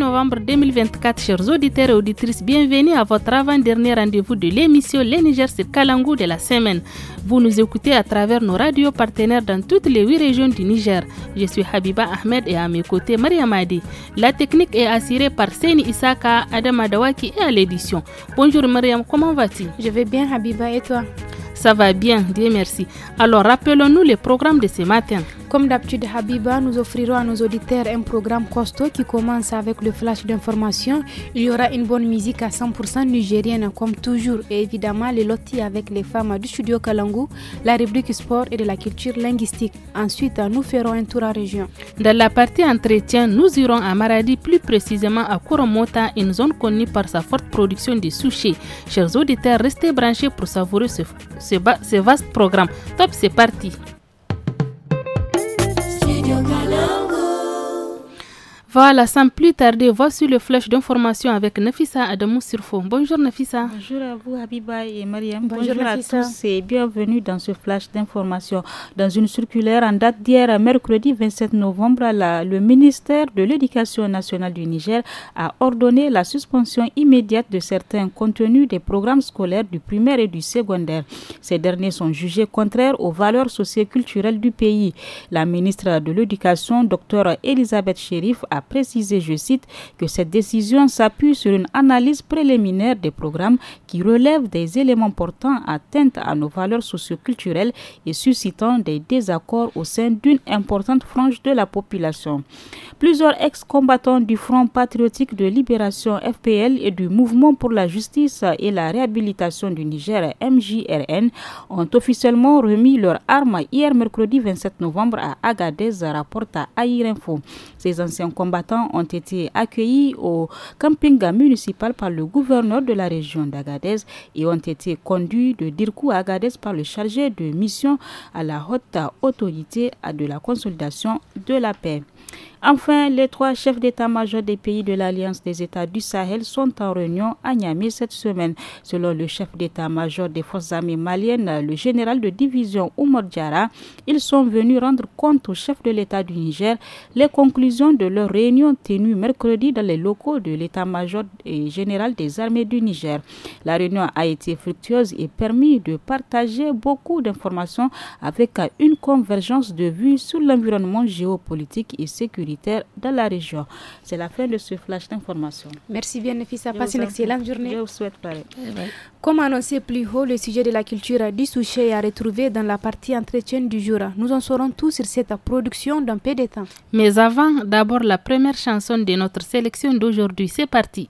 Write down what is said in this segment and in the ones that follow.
novembre 2024, chers auditeurs et auditrices, bienvenue à votre avant-dernier rendez-vous de l'émission Les Niger sur Kalangou de la semaine. Vous nous écoutez à travers nos radios partenaires dans toutes les huit régions du Niger. Je suis Habiba Ahmed et à mes côtés Mariam Adi. La technique est assurée par Seni Isaka, Adam Adawaki et à l'édition. Bonjour Mariam, comment vas-tu Je vais bien Habiba et toi Ça va bien, Dieu merci. Alors rappelons-nous les programmes de ce matin. Comme d'habitude, Habiba, nous offrirons à nos auditeurs un programme costaud qui commence avec le flash d'information. Il y aura une bonne musique à 100% nigérienne, comme toujours, et évidemment les lotis avec les femmes du studio Kalangu, la rubrique sport et de la culture linguistique. Ensuite, nous ferons un tour en région. Dans la partie entretien, nous irons à Maradi, plus précisément à Koromota, une zone connue par sa forte production de sushis. Chers auditeurs, restez branchés pour savourer ce, ce vaste programme. Top, c'est parti! Voilà, sans plus tarder, voici le flash d'information avec Nafissa Adamou Sirfo. Bonjour Nafissa. Bonjour à vous Habiba et Mariam. Bonjour, à tous et bienvenue dans ce flash d'information. Dans une circulaire en date d'hier, mercredi 27 novembre, le ministère de l'Éducation nationale du Niger a ordonné la suspension immédiate de certains contenus des programmes scolaires du primaire et du secondaire. Ces derniers sont jugés contraires aux valeurs socioculturelles du pays. La ministre de l'Éducation, Dr Elisabeth Chérif, a préciser, précisé, je cite, que cette décision s'appuie sur une analyse préliminaire des programmes qui relèvent des éléments portant atteinte à nos valeurs socioculturelles et suscitant des désaccords au sein d'une importante frange de la population. Plusieurs ex-combattants du Front patriotique de libération FPL et du Mouvement pour la justice et la réhabilitation du Niger MJRN ont officiellement remis leurs armes hier mercredi 27 novembre à Agadez, rapporte à Info. Ces anciens combattants combattants ont été accueillis au camping municipal par le gouverneur de la région d'Agadez et ont été conduits de Dirkou à Agadez par le chargé de mission à la haute autorité de la consolidation de la paix. Enfin, les trois chefs d'état-major des pays de l'Alliance des États du Sahel sont en réunion à Niamey cette semaine. Selon le chef d'état-major des forces armées maliennes, le général de division Oumar Diara, ils sont venus rendre compte au chef de l'État du Niger les conclusions de leur réunion tenue mercredi dans les locaux de l'état-major général des armées du Niger. La réunion a été fructueuse et permis de partager beaucoup d'informations avec une convergence de vues sur l'environnement géopolitique et sécuritaire la région. C'est la fin de ce flash d'information. Merci bien, Nefissa. Passez une excellente journée. Je vous souhaite pareil. Eh Comme annoncé plus haut, le sujet de la culture du souchet est à retrouver dans la partie entretien du jour. Nous en saurons tout sur cette production d'un peu de temps. Mais avant, d'abord la première chanson de notre sélection d'aujourd'hui. C'est parti.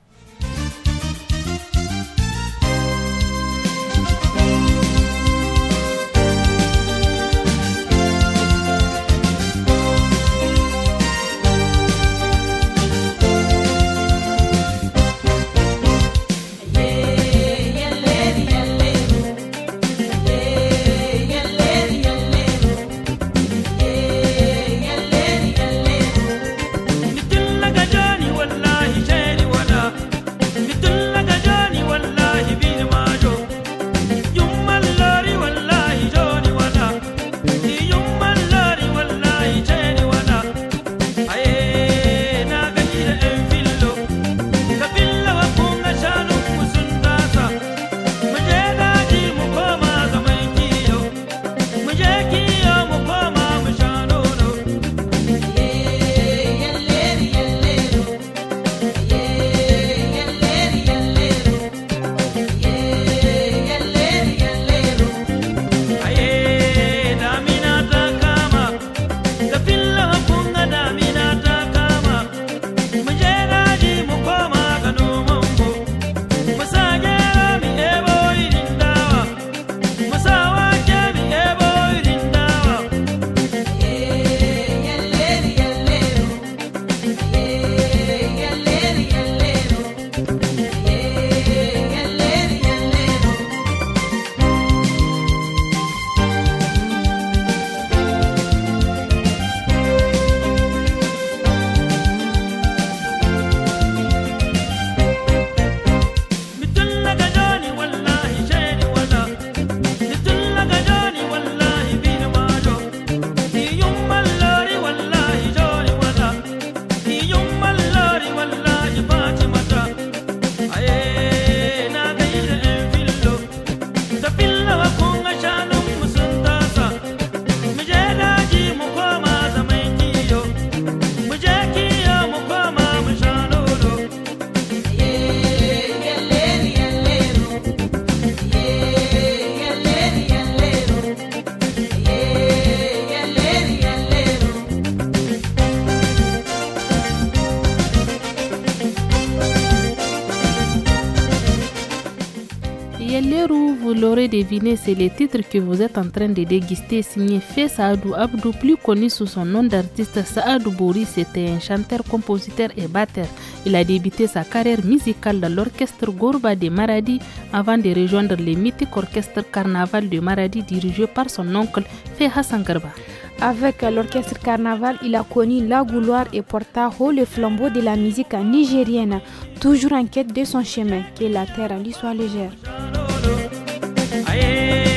l'aurez deviné, c'est le titre que vous êtes en train de déguster signé Fé Saadou Abdou, plus connu sous son nom d'artiste Saadou Bouri. C'était un chanteur, compositeur et batteur. Il a débuté sa carrière musicale dans l'orchestre Gourba de Maradi avant de rejoindre le mythique orchestre Carnaval de Maradi dirigé par son oncle Fé Hassan Garba. Avec l'orchestre Carnaval, il a connu la gloire et porta haut le flambeau de la musique nigérienne, toujours en quête de son chemin, que la terre lui soit légère. 哎。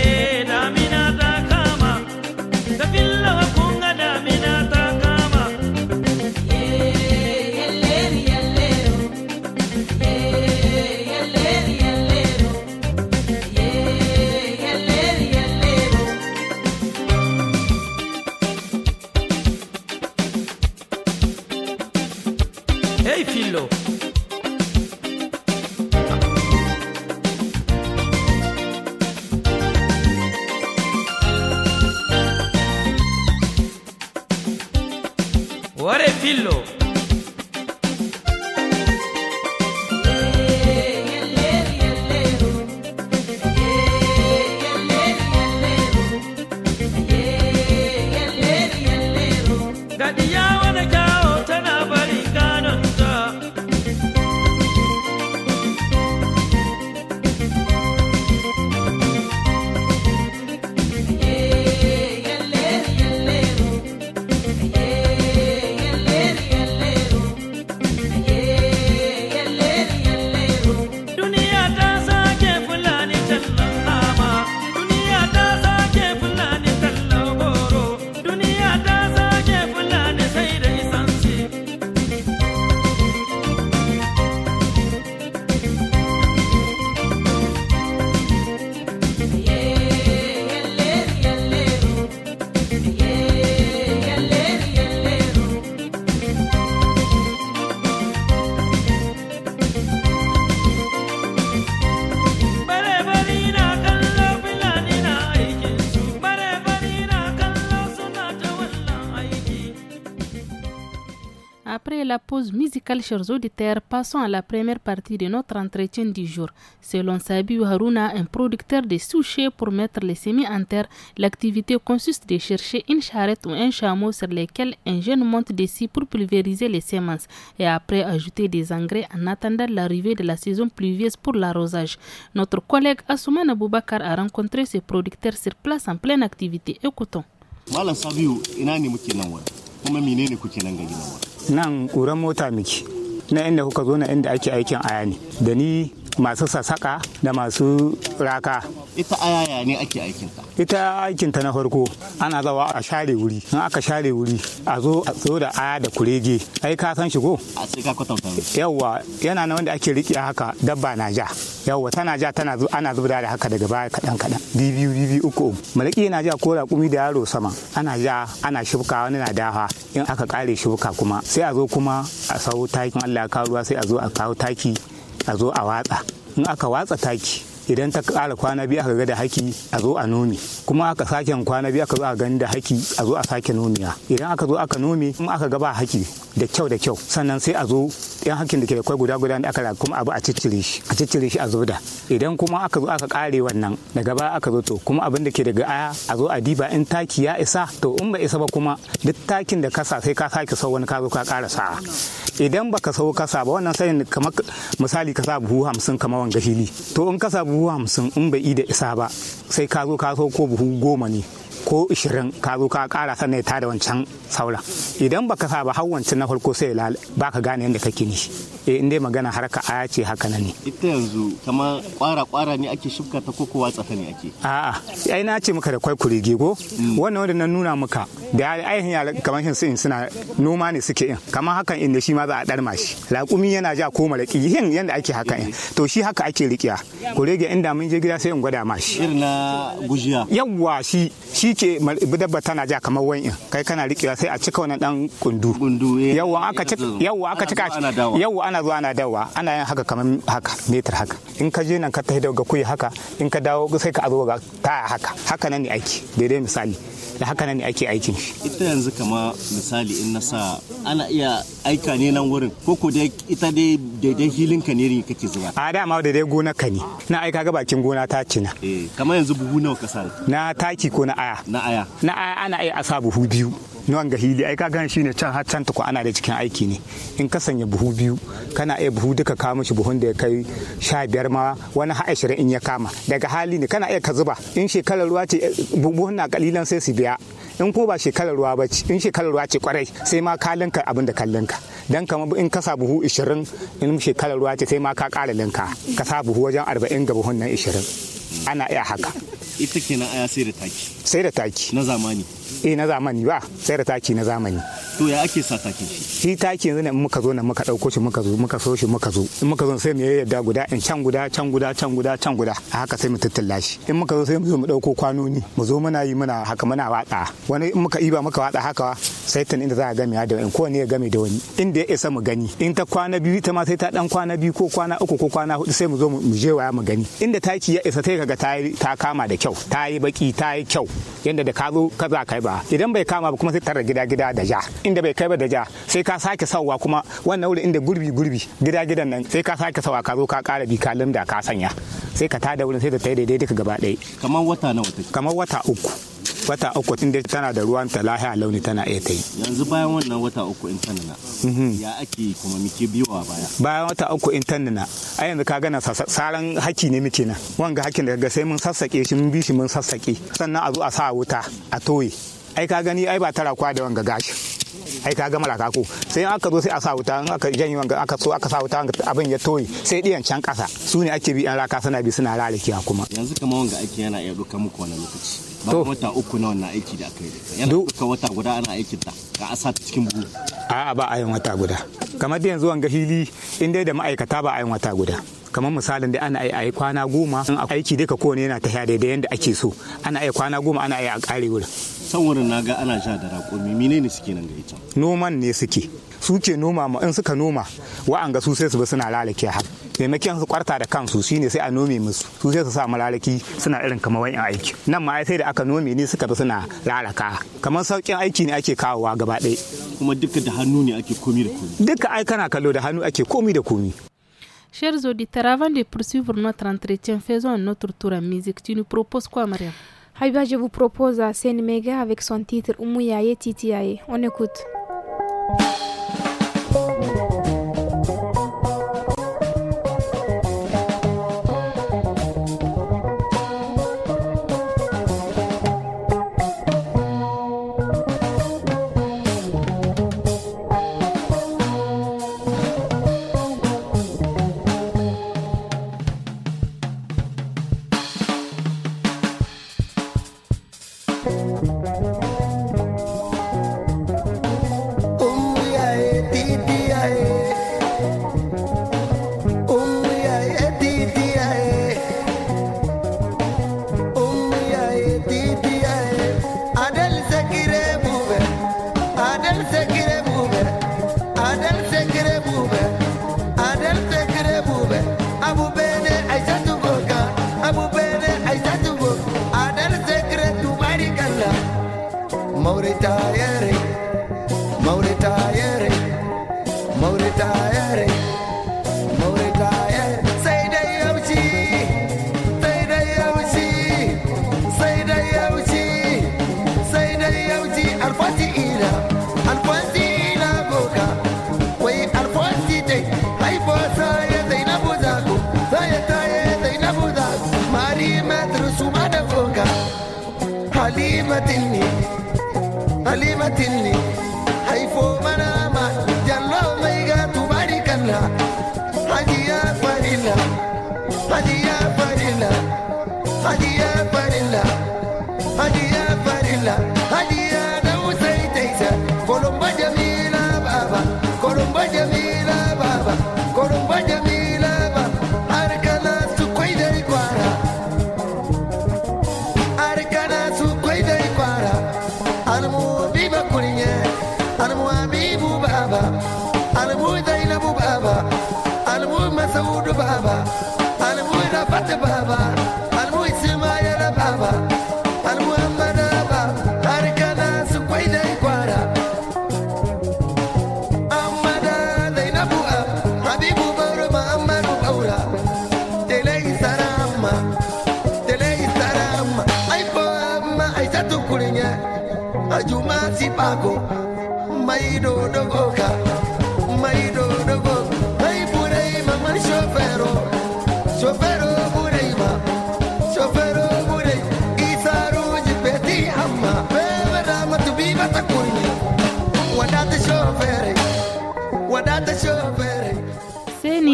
la pause musicale, chers auditeurs, passons à la première partie de notre entretien du jour. Selon Sabiou Haruna, un producteur de souchés pour mettre les semis en terre, l'activité consiste à chercher une charrette ou un chameau sur lesquels un jeune monte dessus pour pulvériser les semences et après ajouter des engrais en attendant l'arrivée de la saison pluvieuse pour l'arrosage. Notre collègue Assouman Aboubakar a rencontré ce producteur sur place en pleine activité. Écoutons. kuma menene kuke nan ga gidan nan ƙuran mota miki na inda kuka zo na inda ake aikin aya ne da ni masu sasaka da masu raka ita ayaya ne ake aikinta ita aikinta na farko ana zawa a share wuri in aka share wuri a zo a zo da aya da kurege ai ka san shigo a sai ka kwatanta yawa yana na wanda ake riƙe haka dabba na ja yawa tana ja tana ana zubda da haka daga baya kaɗan kaɗan biyu biyu uku malaki yana ja ko raƙumi da yaro sama ana ja ana shibka wani na dafa in aka ƙare shibka kuma sai a zo kuma a sau takin Allah kawo ruwa sai a zo a kawo taki a zo a watsa in aka watsa taki idan ta kara kwana biyu aka ga da haki a zo a nomi kuma aka sake kwana biyu aka zo a gani da haki a zo a sake nomiya idan aka zo aka nome in aka ga ba haki da kyau da kyau sannan sai a zo yan hakkin da ke da guda guda da aka ra kuma abu a ciccire shi a ciccire shi a zo da idan kuma aka zo aka kare wannan daga baya aka zo to kuma abin da ke daga aya a zo a diba in taki ya isa to in ba isa ba kuma duk takin da kasa sai ka sake sau wani ka zo ka kara sa'a idan baka sau kasa ba wannan sai kamar misali ka sa buhu hamsin kamar wanga fili to in kasa buhu hamsin in bai da isa ba sai ka zo ka sau ko buhu goma ne ko 20 ka zo ka kara sannan ta da wancan saura idan baka sa ba har wancan na farko sai ba ka gane yadda kake ni eh in dai magana harka aya ce haka nan ne ita yanzu kamar kwara kwara ne ake shifka ta ko kowa tsaka ne ake a'a ai na ce maka da kwai kurege go mm. wannan wanda na nuna maka da ai hanya kamar shin suna noma ne suke yin kamar hakan inda shi ma za a darma shi laƙumi yana ja ko malaki yin yanda ake haka yin mm. to shi haka ake rikiya kurege inda mun je gida sai in gwada ma shi irin na gujiya yawwa shi shi rike dabba tana ja kamar wani kai kana rikewa sai a cika wani dan kundu eh, yawwa aka cika yawwa aka cika yawwa ana zuwa ana dawa ana yin haka kamar haka metar haka in ka je nan ka tafi daga kuyi haka in ka dawo sai ka azo ga taya haka haka nan ne aiki daidai misali da haka nan ne ake aikin shi ita yanzu kama misali in na sa ana iya aika ne nan wurin ko ko dai ita dai daidai hilin ka ne kake zuba a dama daidai gona ka ne na aika ga bakin gona ta cina eh, kama yanzu buhu nawa ka sa na taki ko na aya na aya na aya ana iya asa buhu biyu nuwan ga hili ai kaga shine can har can tukun ana da cikin aiki ne in ka sanya buhu biyu kana iya buhu duka kawo mishi buhun da ya kai sha biyar ma wani har ashirin in ya kama daga hali ne kana iya ka zuba in shekarar ruwa ce buhun na kalilan sai su biya in ko ba shekarar ruwa ba in shekarar ruwa ce kwarai sai ma ka linka abin da ka linka dan kamar in ka sa buhu 20 in shekarar ruwa ce sai ma ka ƙara linka ka sa buhu wajen arba'in ga buhun nan ishirin. ana iya haka ita kenan aya sai da taki sai da taki na zamani E na zamani ba sai da taki na zamani to ya ake sa taki shi taki yanzu ne in muka zo nan muka dauko shi muka zo muka so shi muka zo in muka zo sai mu yadda guda in can guda can guda can guda can guda a haka sai mu tattalla shi in muka zo sai mu zo mu dauko kwanoni mu zo muna yi muna haka muna watsa wani in muka iba muka watsa haka sai tun inda za a game da wani ne ya game da wani inda ya isa mu gani in ta kwana biyu ta ma sai ta dan kwana biyu ko kwana uku ko kwana hudu sai mu zo mu je waya mu gani inda taki ya isa sai kaga ta kama da kyau ta yi baki ta yi kyau yanda da ka zo ka za yi ba ba idan bai kama ba kuma sai tara gida gida da ja inda bai kai ba da ja sai ka sake sawa kuma wannan wuri inda gurbi gurbi gida gidan nan sai ka sake sawa ka zo ka kara bi ka da ka sanya sai ka tada wurin sai ta tai daidai duka gaba ɗaya kamar wata nawa wata kamar wata uku wata uku tun dai tana da ruwan ta a launi tana iya ta yi yanzu bayan wannan wata uku in tanina mhm. ya ake kuma muke biyowa baya bayan wata uku in tanina a yanzu ka gana saran haki ne muke na wanga hakin daga sai mun sassaƙe shi mun bi shi mun sassaƙe sannan a zo a sa wuta a toye ai ka gani ai ba tara kwa da wanga gashi ai ka gama ko sai aka zo sai a sa wuta in aka janyi wanga aka so aka sa wuta abin ya toye sai diyan can kasa su ne ake bi an raka suna bi suna ralakiya kuma yanzu kamar wanga aiki yana iya duka muku wani lokaci ba wata uku na wannan aiki da aka yi yana duka wata guda ana aikin ta ga asa cikin buhu a'a ba a yin wata guda kamar da yanzu wanga hili in dai da ma'aikata ba a yin wata guda kamar misalin da ana yi kwana goma aiki duka kowane yana tafiya da yadda ake so ana yi kwana goma ana yi a kare wurin san wurin na ga ana sha da raƙumi menene suke nan ga ita noman ne suke su ke noma ma in suka noma ga su sai su bi suna lalake har maimakon su kwarta da kansu shine sai a nome musu su sai su sa malalaki suna irin kamar wani aiki nan ma sai da aka nome ne suka bi suna lalaka kamar sauƙin aiki ne ake kawowa gaba ɗaya kuma duka da hannu ne ake komi da komi duka ai kana kallo da hannu ake komi da komi Chers auditeurs, avant de poursuivre notre entretien, faisons un autre tour en musique. Tu nous proposes quoi, Maria Haïba, je vous propose Sen Mega avec son titre Umuyaye Titiaye. On écoute. رسومات فوقها حليمة تلني حليمة تلني هيفو منا ما جلو ميغا تبارك الله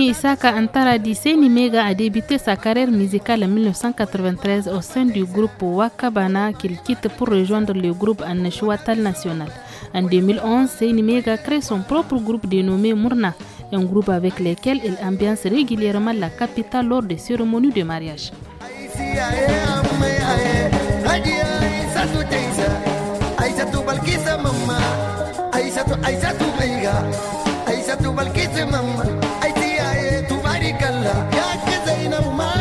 Isaka Antara Disseni a débuté sa carrière musicale en 1993 au sein du groupe Wakabana qu'il quitte pour rejoindre le groupe Anashwatal National. En 2011, Seni crée son propre groupe dénommé Murna, un groupe avec lequel il ambiance régulièrement la capitale lors des cérémonies de mariage. عليك الله يا اخي زينب ما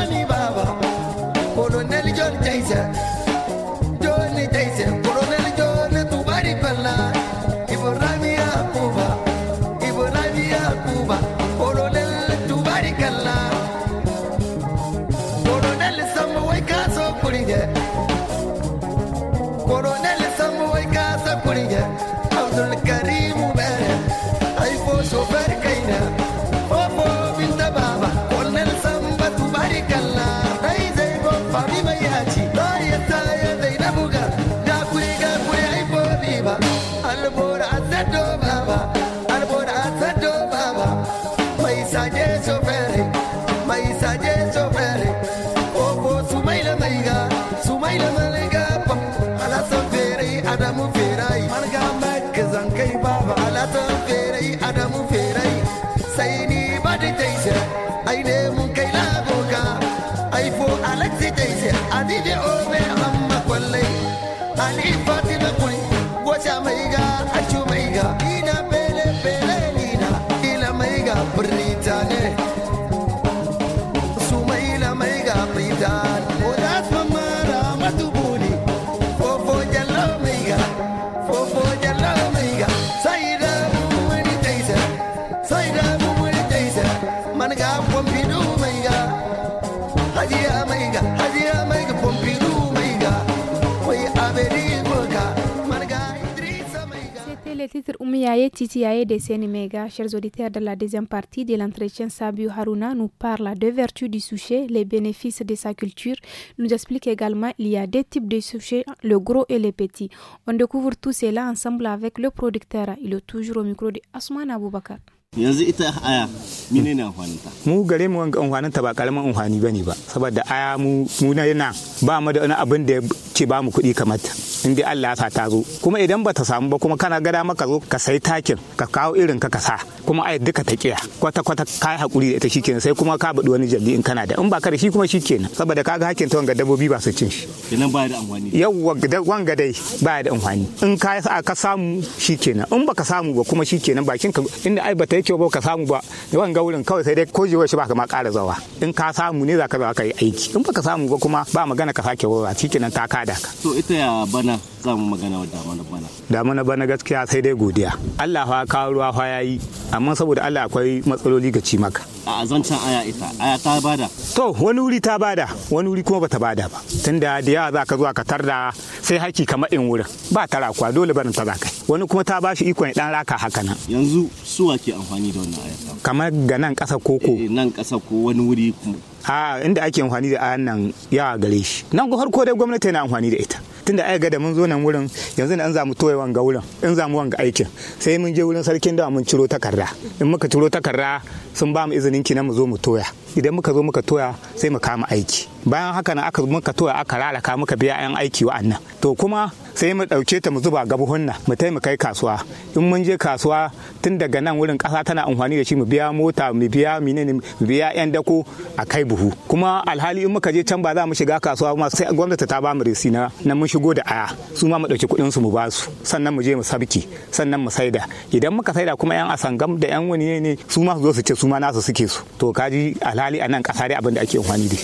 Titi Aye de Sénéméga, chers auditeurs de la deuxième partie de l'entretien, Sabio Haruna nous parle de vertus du souchet, les bénéfices de sa culture. Nous explique également qu'il y a deux types de souchets, le gros et le petit. On découvre tout cela ensemble avec le producteur. Il est toujours au micro de Asman Aboubakar. yanzu ita aya ah, mine ne amfaninta mu gare mu wanga amfaninta ba karamin amfani bane ba saboda aya mu mu na yana ba mu da wani abin da ke ba mu kuɗi kamar ta inda Allah ya sa ta zo kuma idan ba ta samu ba kuma kana gada maka zo ka sai takin ka kawo irin ka kasa. sa kuma ai duka ta kiya kwata kwata ka yi hakuri da ita shikenan sai kuma ka budi wani jalli in kana da in ba ka da shi kuma shikenan saboda kaga hakin ta wanga dabbobi ba su cin shi idan ba da amfani yawwa wanga dai ba da amfani in ka sa ka samu shikenan in baka samu ba kuma shikenan bakin ka inda ai ba ta zai kyau ka samu ba da wani ga wurin kawai sai dai ko jiwa shi ba ma ƙara zawa in ka samu ne za ka zawa ka yi aiki in baka ka samu ba kuma ba magana ka sake wura cikin nan ta kada ka. to ita ya bana za mu magana wa damana bana. damana bana gaskiya sai dai godiya Allah fa kawo ruwa fa yayi amma saboda Allah akwai matsaloli ga ci maka. a azancan aya ita aya ta bada. to wani wuri ta bada wani wuri kuma bata bada ba tunda da yawa za ka zuwa ka tarda sai haki kamar in wurin ba tara kuwa dole barin ta za kai wani kuma ta ba shi ikon dan raka haka nan. yanzu suwa ke amfani amfani da wannan ayar kamar ga nan ƙasa koko eh, nan ƙasa ko wani wuri kuma. Ha ah, inda ake amfani da ayan nan yawa gare shi nan farko dai gwamnati na amfani da ita tun da aka da mun zo nan wurin yanzu an zamu toye wanga wurin in zamu wanga aikin sai mun je wurin sarkin da mun ciro takarda in muka ciro takarda sun ba mu izinin ki na mu zo mu toya idan muka zo muka toya sai mu kama aiki bayan haka na aka muka toya aka raraka muka biya yan aiki wa'annan to kuma sai mu ɗauke ta mu zuba gabuhun nan mu taimaka kai kasuwa in mun je kasuwa tun daga nan wurin kasa tana amfani da shi mu biya mota mu biya menene mu biya yan dako a kai buhu kuma alhali in muka je can ba za mu shiga kasuwa ma sai gwamnati ta ba mu resi na na mun shigo da aya su ma mu ɗauki kuɗin su mu ba su sannan mu je mu sabki sannan mu saida idan muka saida kuma yan asangam da yan wani ne su ma su zo su ce su ma nasu suke su to kaji alhali a nan ƙasa dai abin da ake amfani da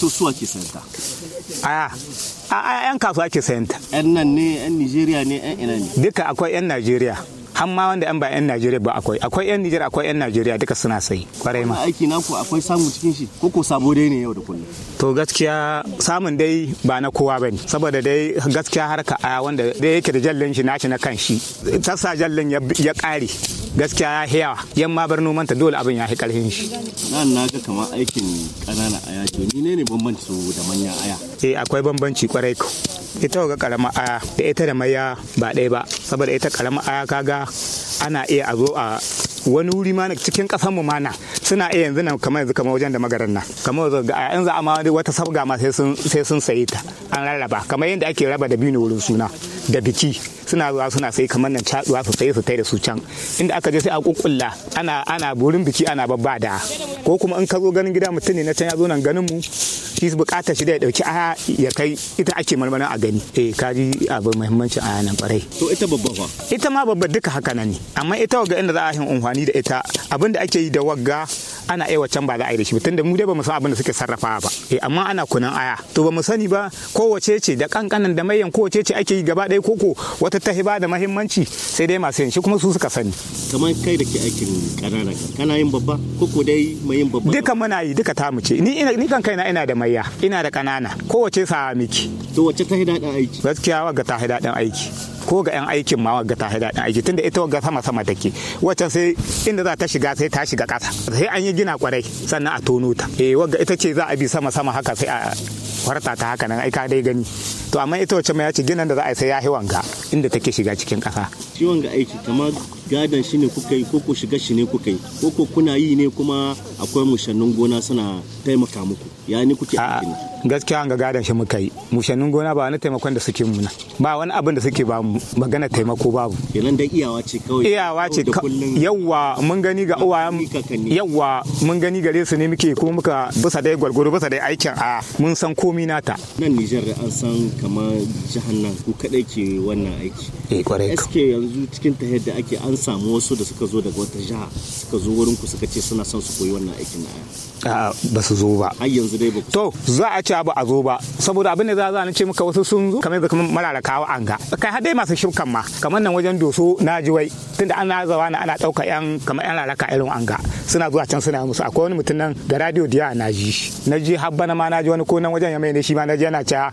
to su ake sayanta aya a yan kasuwa ake sayanta yan nan ne yan Nijeriya ne yan ina ne duka akwai yan Najeriya har ma wanda an ba yan Najeriya ba akwai akwai yan Nijar akwai yan Najeriya duka suna sai kwarai ma aiki ku akwai samun cikin shi ko ko sabo dai ne yau da kullum to gaskiya samun dai ba na kowa bane saboda dai gaskiya harka a wanda dai yake da jallin shi shi na kan shi tasa jallin ya kare gaskiya ya hiyawa, yan ma bar noman ta dole abin ya hi karhin shi nan na ga kamar aikin ƙananan aya to ni ne bambanci da manyan aya eh akwai bambanci kwarai ko ita ga karama aya da ita da maya ba ɗaya ba saboda ita karama aya kaga ana iya a zo a wani wuri ma cikin kasan mu mana suna iya yanzu nan kamar yanzu kamar wajen da magaran nan kamar yanzu ga ayan za a ma wata sabga ma sai sun sai sun sayi ta an rarraba kamar yadda ake raba da bino wurin suna da biki suna zuwa suna sai kamar nan caɗuwa su sai su tai da su can inda aka je sai a kukkulla ana ana burin biki ana babba da ko kuma in ka zo ganin gida mutum ne na can ya zo nan ganin mu shi bukatar shi da ya dauki aya ya kai ita ake marmarin a gani eh kaji abu muhimmancin aya nan kwarai to ita babba fa ita ma babba duka haka nan ne amma ita ga inda za a yi unhwani da ita abin da ake yi da wagga ana aiwa can ba za a yi da shi ba tunda mu dai mu san abin da suke sarrafa ba eh amma ana kunan aya to bamu sani ba kowace ce da kankanan da mayan kowace ce ake yi gaba ɗaya koko wata ita ta hiba da mahimmanci sai dai masu yin shi kuma su suka sani kamar kai da ke aikin kanana kana yin babba ko ko dai mai yin babba duka muna yi duka tamu ce ni ni kan kaina ina da mayya ina da kanana kowace sa'a miki to wacce ta hida dan aiki gaskiya ga ta hida dan aiki ko ga 'yan aikin ma wagga ta daɗin aiki tunda ita wagga sama sama take waccan sai inda za ta shiga sai ta shiga ƙasa sai an yi gina kwarai sannan a tono ta eh wagga ita ce za a bi sama sama haka sai a kwarta ta haka nan ai ka dai gani to amma ita wacce mai ya ce ginin da za a yi sai ya yi wanga inda take shiga cikin ƙasa ciwon ga aiki kama gadon shi ne kuka yi ko shiga shi ne kuka yi ko ko kuna yi ne kuma akwai mushannin gona suna taimaka muku ya ni kuke aiki gaskiya ga gadon shi muka yi mushannin gona ba wani taimakon da suke muna ba wani abin da suke ba mu magana taimako babu kenan da iyawa ce kawai iyawa ce yawa mun gani ga uwayen yawa mun gani gare su ne muke ko muka bisa dai gwalgwaro bisa dai aikin a mun san komi nata nan Nijar an san kamar jihar nan ku kadai ke wannan aiki eh kwarai ka yanzu cikin ta yadda ake an samu wasu da suka zo daga wata jiha suka zo wurin ku suka ce suna son su koyi wannan aikin na a'a ba su zo ba Ai yanzu dai ba to za a ci ba a zo ba saboda abin da za a ce maka wasu sun zo kamar da kamar mararakawa an ga kai har dai masu shimkan ma kamar nan wajen doso na ji wai tunda ana zawa na ana ɗauka yan kamar yan raraka irin an ga suna zuwa can suna musu akwai wani mutum nan da radio diya na ji na ji har bana ma na ji wani ko nan wajen ya mai ne shi ma na ji yana cewa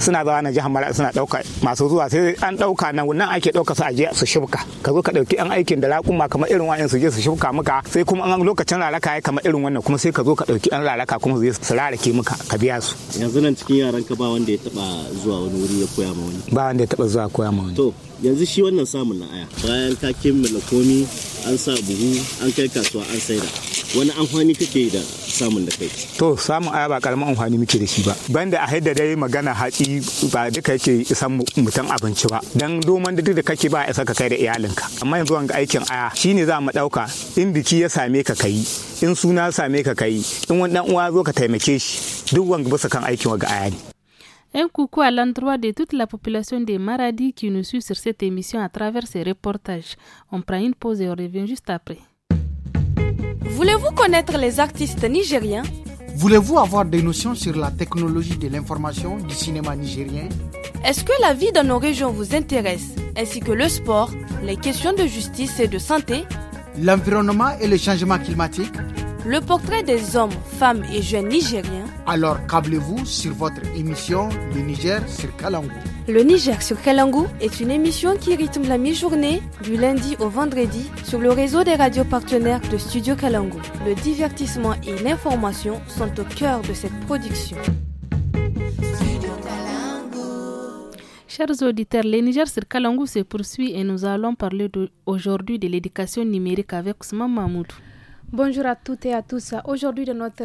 suna zawa na jihar mara suna ɗauka masu zuwa sai an ɗauka nan wannan ake ɗauka su aje su shibka ka zo ka ɗauki an aikin da raƙuma kamar irin wa'in su je su shibka muka sai kuma an lokacin raraka ya kamar irin wannan kuma sai ka zo ka ɗauki an raraka kuma su je su rarake muka ka biya su yanzu nan cikin yaran ka ba wanda ya taɓa zuwa wani wuri ya koya ma wani ba wanda ya taɓa zuwa koya ma wani to yanzu shi wannan samun na aya bayan ka kimmala komi an sa buhu an kai kasuwa an saida wani amfani kake da samun da kai to samun aya ba karamin amfani muke da shi ba banda a haidda dai magana hatsi ba duka yake isan mutum abinci ba dan doman da duk da kake ba isa ka kai da iyalinka amma yanzu wanga aikin aya shine za mu dauka in biki ya same ka kai in suna same ka kai in wani dan uwa zo ka taimake shi duk wanga bisa kan aikin ga aya ne Un coucou à l'endroit de toute la population des Maradis qui nous suit sur cette émission à travers ces reportages. On prend une pause et on revient juste après. Voulez-vous connaître les artistes nigériens Voulez-vous avoir des notions sur la technologie de l'information du cinéma nigérien Est-ce que la vie dans nos régions vous intéresse, ainsi que le sport, les questions de justice et de santé L'environnement et le changement climatique Le portrait des hommes, femmes et jeunes nigériens alors câblez-vous sur votre émission Le Niger sur Kalangou. Le Niger sur Kalangou est une émission qui rythme la mi-journée du lundi au vendredi sur le réseau des radios partenaires de Studio Kalangou. Le divertissement et l'information sont au cœur de cette production. Chers auditeurs, le Niger sur Kalangou se poursuit et nous allons parler aujourd'hui de l'éducation numérique avec Ousmane Mahmoud. Bonjour à toutes et à tous. Aujourd'hui, de notre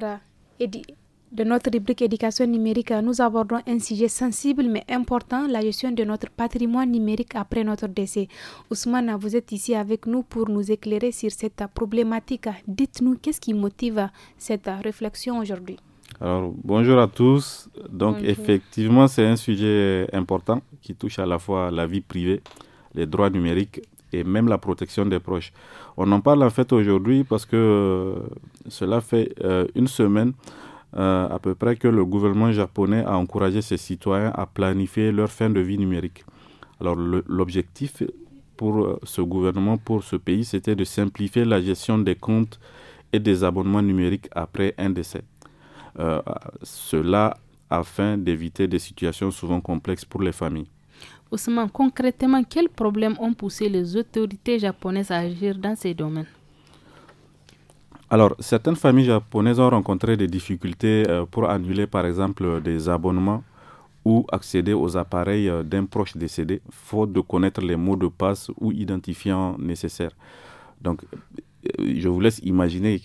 de notre rubrique éducation numérique, nous abordons un sujet sensible mais important, la gestion de notre patrimoine numérique après notre décès. Ousmane, vous êtes ici avec nous pour nous éclairer sur cette problématique. Dites-nous qu'est-ce qui motive cette réflexion aujourd'hui. Alors, bonjour à tous. Donc, effectivement, c'est un sujet important qui touche à la fois la vie privée, les droits numériques et même la protection des proches. On en parle en fait aujourd'hui parce que euh, cela fait euh, une semaine euh, à peu près que le gouvernement japonais a encouragé ses citoyens à planifier leur fin de vie numérique. Alors l'objectif pour euh, ce gouvernement, pour ce pays, c'était de simplifier la gestion des comptes et des abonnements numériques après un décès. Euh, cela afin d'éviter des situations souvent complexes pour les familles. Ousmane, concrètement, quels problèmes ont poussé les autorités japonaises à agir dans ces domaines alors, certaines familles japonaises ont rencontré des difficultés euh, pour annuler, par exemple, des abonnements ou accéder aux appareils euh, d'un proche décédé, faute de connaître les mots de passe ou identifiants nécessaires. Donc, euh, je vous laisse imaginer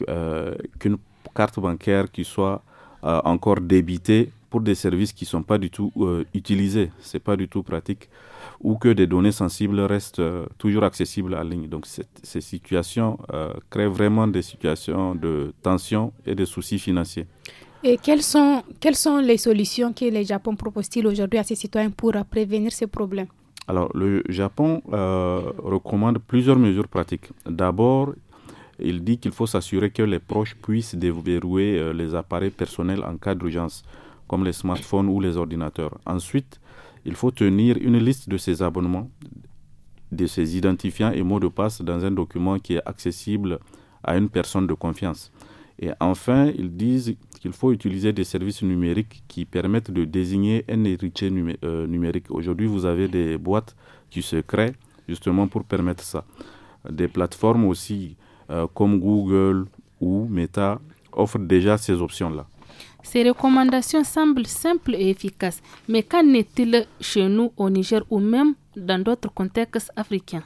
qu'une carte bancaire qui soit encore débitée pour des services qui ne sont pas du tout euh, utilisés, ce n'est pas du tout pratique, ou que des données sensibles restent euh, toujours accessibles en ligne. Donc ces situations euh, créent vraiment des situations de tension et de soucis financiers. Et quelles sont, quelles sont les solutions que le Japon propose-t-il aujourd'hui à ses citoyens pour prévenir ces problèmes Alors le Japon recommande plusieurs mesures pratiques. D'abord, il dit qu'il faut s'assurer que les proches puissent déverrouiller les appareils personnels en cas d'urgence comme les smartphones ou les ordinateurs. Ensuite, il faut tenir une liste de ses abonnements, de ses identifiants et mots de passe dans un document qui est accessible à une personne de confiance. Et enfin, ils disent qu'il faut utiliser des services numériques qui permettent de désigner un héritier euh, numérique. Aujourd'hui, vous avez des boîtes qui se créent justement pour permettre ça. Des plateformes aussi euh, comme Google ou Meta offrent déjà ces options-là. Ces recommandations semblent simples et efficaces, mais qu'en est-il chez nous au Niger ou même dans d'autres contextes africains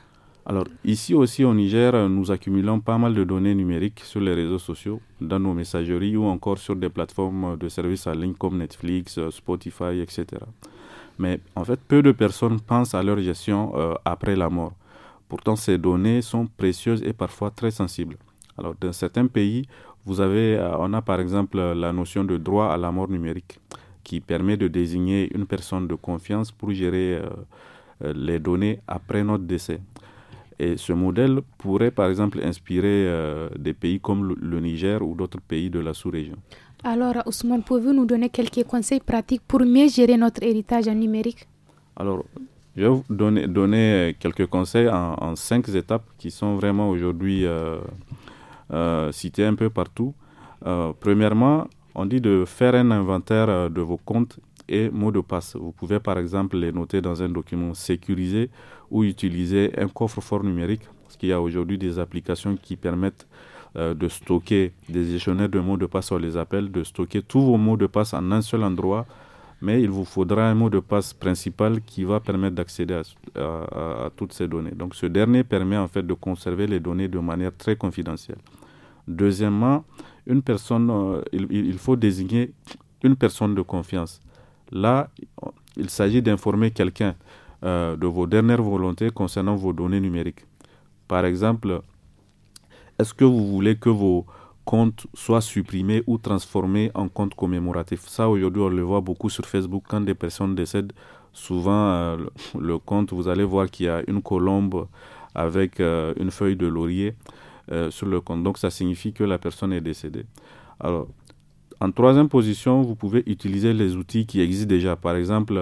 alors ici aussi au Niger, nous accumulons pas mal de données numériques sur les réseaux sociaux, dans nos messageries ou encore sur des plateformes de services en ligne comme Netflix, Spotify, etc. Mais en fait, peu de personnes pensent à leur gestion euh, après la mort. Pourtant, ces données sont précieuses et parfois très sensibles. Alors dans certains pays, vous avez, euh, on a par exemple euh, la notion de droit à la mort numérique qui permet de désigner une personne de confiance pour gérer euh, les données après notre décès. Et ce modèle pourrait par exemple inspirer des pays comme le Niger ou d'autres pays de la sous-région. Alors Ousmane, pouvez-vous nous donner quelques conseils pratiques pour mieux gérer notre héritage en numérique Alors, je vais vous donner, donner quelques conseils en, cinq étapes qui sont vraiment aujourd'hui... Euh, cités un peu partout. Euh, premièrement, on dit de faire un inventaire euh, de vos comptes et mots de passe. Vous pouvez par exemple les noter dans un document sécurisé ou utiliser un coffre-fort numérique, parce qu'il y a aujourd'hui des applications qui permettent de stocker des échantillons de mots de passe, on les appelle, de stocker tous vos mots de passe en un seul endroit mais il vous faudra un mot de passe principal qui va permettre d'accéder à, toutes ces données. Donc ce dernier permet en fait de conserver les données de manière très confidentielle. Deuxièmement, une personne, euh, il, faut désigner une personne de confiance. Là, il s'agit d'informer quelqu'un euh, de vos dernières volontés concernant vos données numériques. Par exemple, est-ce que vous voulez que vos, compte soit supprimé ou transformé en compte commémoratif. Ça, aujourd'hui, on le voit beaucoup sur Facebook. Quand des personnes décèdent, souvent, euh, le compte, vous allez voir qu'il y a une colombe avec euh, une feuille de laurier euh, sur le compte. Donc, ça signifie que la personne est décédée. Alors, en troisième position, vous pouvez utiliser les outils qui existent déjà. Par exemple,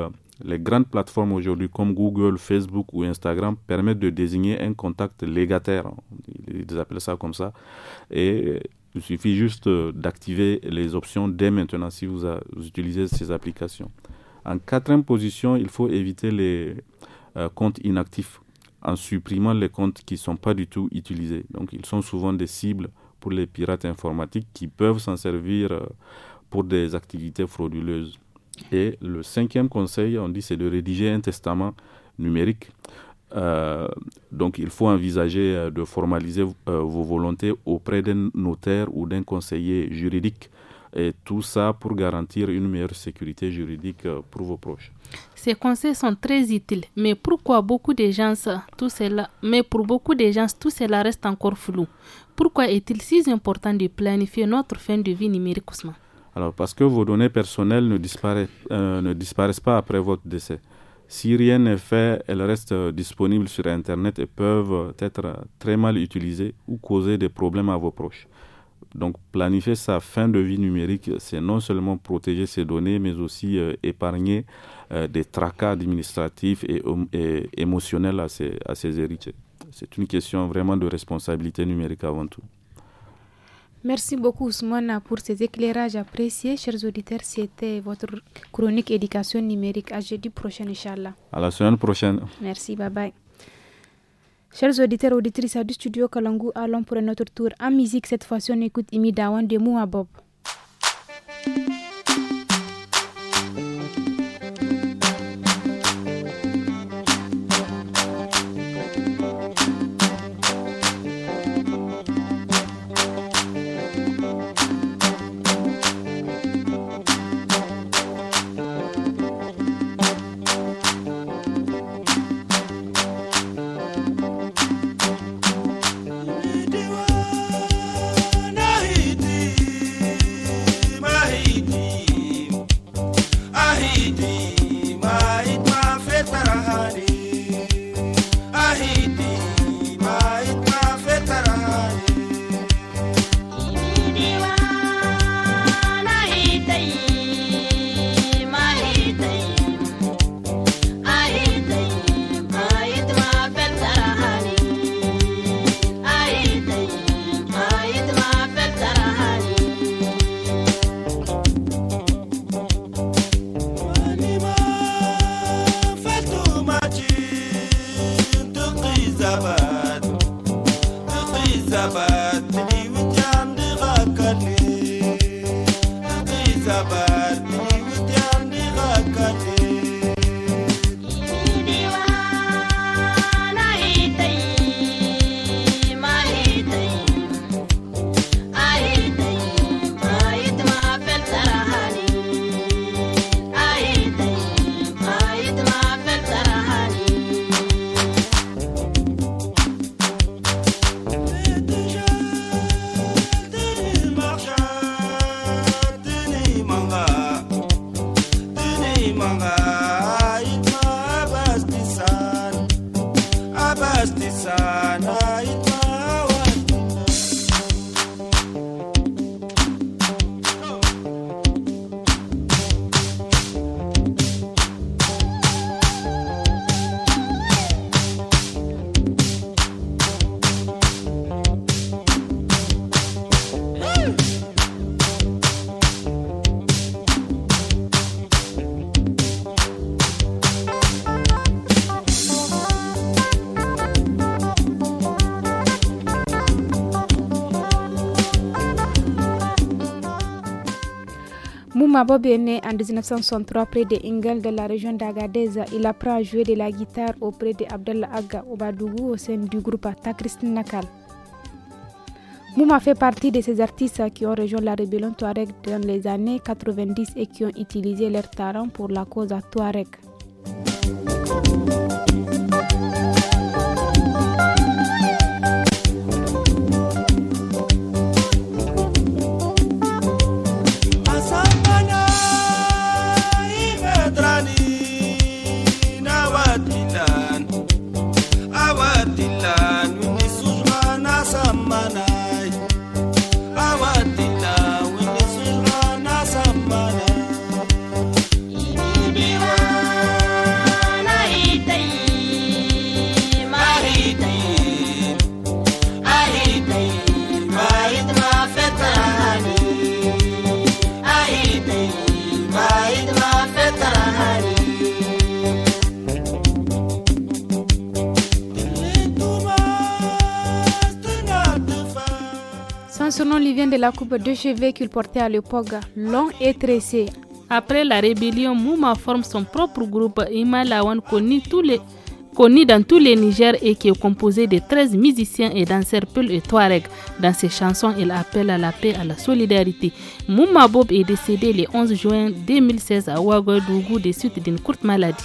les grandes plateformes aujourd'hui comme Google, Facebook ou Instagram permettent de désigner un contact légataire. Ils appellent ça comme ça. Et il suffit juste euh, d'activer les options dès maintenant si vous, utilisez ces applications. En quatrième position, il faut éviter les euh, comptes inactifs en supprimant les comptes qui ne sont pas du tout utilisés. Donc ils sont souvent des cibles pour les pirates informatiques qui peuvent s'en servir euh, pour des activités frauduleuses. Et le cinquième conseil, on dit, c'est de rédiger un testament numérique. Euh, donc il faut envisager euh, de formaliser euh, vos volontés auprès d'un notaire ou d'un conseiller juridique. Et tout ça pour garantir une meilleure sécurité juridique pour vos proches. Ces conseils sont très utiles, mais pourquoi beaucoup de gens, tout cela, mais pour beaucoup de gens, tout cela reste encore flou. Pourquoi est-il si important de planifier notre fin de vie numérique Alors parce que vos données personnelles ne ne disparaissent pas après votre décès si rien n'est fait, elles restent disponibles sur Internet et peuvent être très mal utilisées ou causer des problèmes à vos proches. Donc planifier sa fin de vie numérique, c'est non seulement protéger ses données, mais aussi euh, épargner euh, des tracas administratifs et, émotionnels à ses héritiers. C'est une question vraiment de responsabilité numérique avant tout. Merci beaucoup Ousmane pour ces éclairages appréciés. Chers auditeurs, c'était votre chronique éducation numérique. À jeudi prochain, Inch'Allah. À la semaine prochaine. Merci, bye bye. Chers auditeurs, auditrices du studio Kalangu, allons pour un autre tour en musique. Cette fois-ci, on écoute Imi Dawan de Mouabob. Bob est né en 1963 près de Ingle, de la région d'Agadeza. Il apprend à jouer de la guitare auprès de Abdallah Obadougou au sein du groupe Takristin Nakal. Mouma fait partie de ces artistes qui ont rejoint la rébellion Touareg dans les années 90 et qui ont utilisé leur talent pour la cause à Touareg. lui vient de la coupe de cheveux qu'il portait à l'époque, long et tressé. Après la rébellion, Mouma forme son propre groupe Imalawan connu, tous connu dans tous les Niger et qui est composé de 13 musiciens et danseurs Peul et Touareg. Dans ses chansons, il appelle à la paix, à la solidarité. Mouma Bob est décédé le 11 juin 2016 à Ouagadougou des suites d'une courte maladie.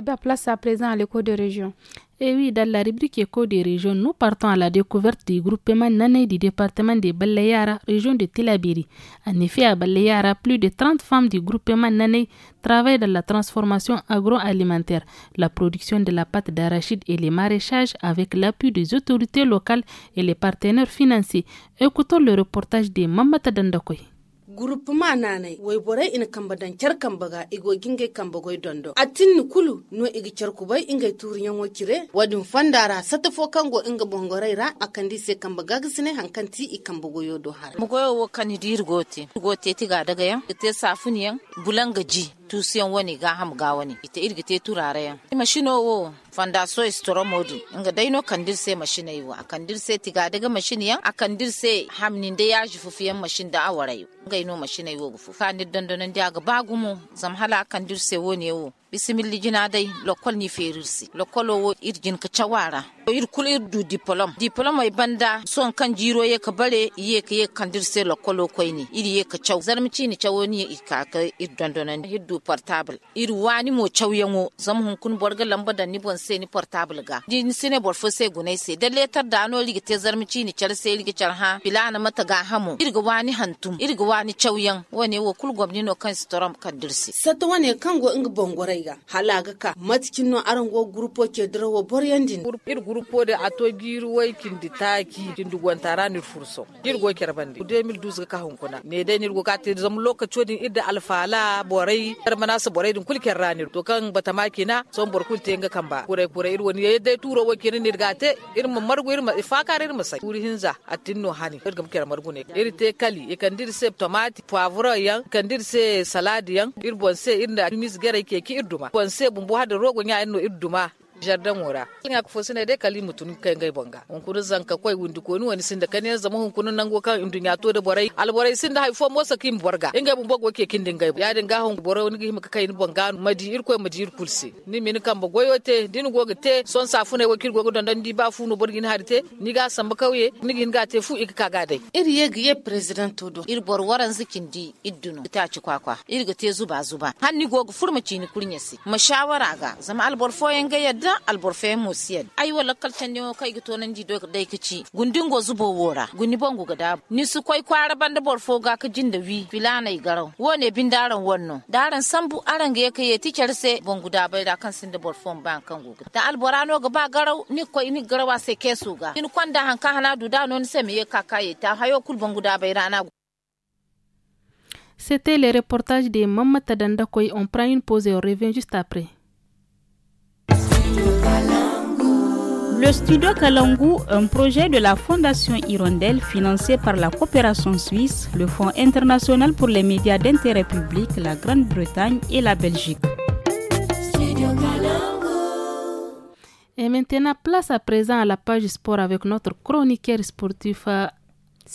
Eh bien, place à présent à l'écho de région. Et eh oui, dans la rubrique Éco des régions, nous partons à la découverte du groupement Nané du département de Balayara, région de Tilabiri. En effet, à Balayara, plus de 30 femmes du groupement Nané travaillent dans la transformation agroalimentaire, la production de la pâte d'arachide et les maraîchages avec l'appui des autorités locales et les partenaires financiers. Écoutons le reportage de Mamata Dandakoy. gurup mananai woibore ina kamba dan char kamba ga igo ginge kamba goi dondo atin ni kulu no igi char kubai inga turi nyongo chire wadun fandara sata fo kango inga bongorai ra akandi se kamba ga gisine hankanti i kamba goi yodo har mugoyo wo kanidir gote gote ti ga daga ya ite safuni yang bulanga ji tusiyan wani ga ham ga wani ita irgite turare yan mashino wo fanda so istoro modi nga daino kandir se mashina yiwa a kandir se tiga daga mashini yan a kandir se hamnin da ya jifufiyan mashin da awarayo nga ino mashina yiwo bufu kandir dandanan da ga bagumu zamhala kandir se woni wo jina bisimillijinaaday lokkol ni feerirsi lokkol wo ir jin ka cawara ir kul ir du diplom diplom ay banda son kan jiro ye ka bare ye ka ye kan se lokkol wo koyni ir ye ka caw zarmici ni cawo ni ka ka ir dondona hiddu du portable ir wani mo chaw yango zam hun kun borga lamba da ni bon se ni portable ga din sine bor fo se gunai se da letar da no ligi te zarmici ni char se ligi char ha bilana mata ga hamo ir ga wani hantum ir ga wani chaw yang wani wo kul gobni no kan storam kan dirse sato wane go inga bongorai ga halaga ka matikin no aran go grupo ke drawo boryandin ir grupo de ato biru wai kindi taki kindi gontara ni furso ir go kerbandi 2012 ka hunkuna ne dai ni go ka te zam lokaci din idda alfala borai har manasu borai din kulken ranir to kan bata na. son borkul te kan kamba kure kure ir woni yai dai turo kin ni gate ir mu margo ir ma ifakar ir sai turi hinza atinno hani ir gam kera margo ne ir te kali ikandir se tomati poivre yan kandir se saladi yan ir bon se ir da mis gere ke ki ir idduma bon se bumbu hada rogo nya no idduma wura wora nga ko fosine dai kali mutun kai ngai bonga on kuru zanka koi wundu ko ni wani sinda kane zama hun kunun nan go kan indun ya to da borai al borai sinda haifo fo mo borga ingai bumbo bogo ke kindin ngai ya den ga hun borai wani gi kai ni bonga madi irko madi irkulsi ni min kan ba goyote din go te son ne go kirgo go dandan di ba funu borgin harite ni ga samba kauye ni gin ga te fu ka ga dai iri ye giye president do ir bor waran zikin di idduno ta ci kwakwa ir ga te zuba zuba hanni go go furma ci ni kurnyasi mashawara ga zama al bor fo yanga yadda kan alborfe mo siyad ay wala kaltan yo kai gito nan ji doka dai kici gundin go zubo wora guni bongo ga ni su koi kwara banda borfo ga ka jinda da wi filana garau wone bin daran wonno daran sambu aran ga ye ticar se bongo da bai da kan sin borfon ban kan da alborano ga ba garau ni koi ni garawa se kesu ga ni kwanda hanka hana du da non se me kaka ye ta hayo kul bongo da bai rana C'était le reportage de Mamata Dandakoy. On prend une pause et on revient juste après. Le studio Kalangu, un projet de la Fondation Hirondelle financé par la coopération suisse, le Fonds international pour les médias d'intérêt public, la Grande-Bretagne et la Belgique. Et maintenant, place à présent à la page sport avec notre chroniqueur sportif euh,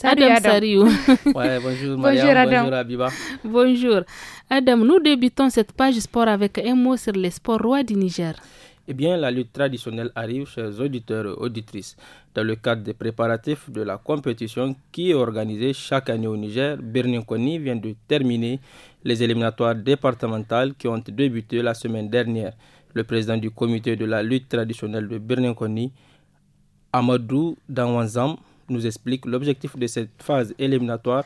Adam, bonjour, bonjour, Adam. bonjour Bonjour. Adam, nous débutons cette page sport avec un mot sur les sports rois du Niger. Eh bien, la lutte traditionnelle arrive, chers auditeurs et auditrices. Dans le cadre des préparatifs de la compétition qui est organisée chaque année au Niger, Berninconi vient de terminer les éliminatoires départementales qui ont débuté la semaine dernière. Le président du comité de la lutte traditionnelle de Berninconi, Amadou Danwanzam, nous explique l'objectif de cette phase éliminatoire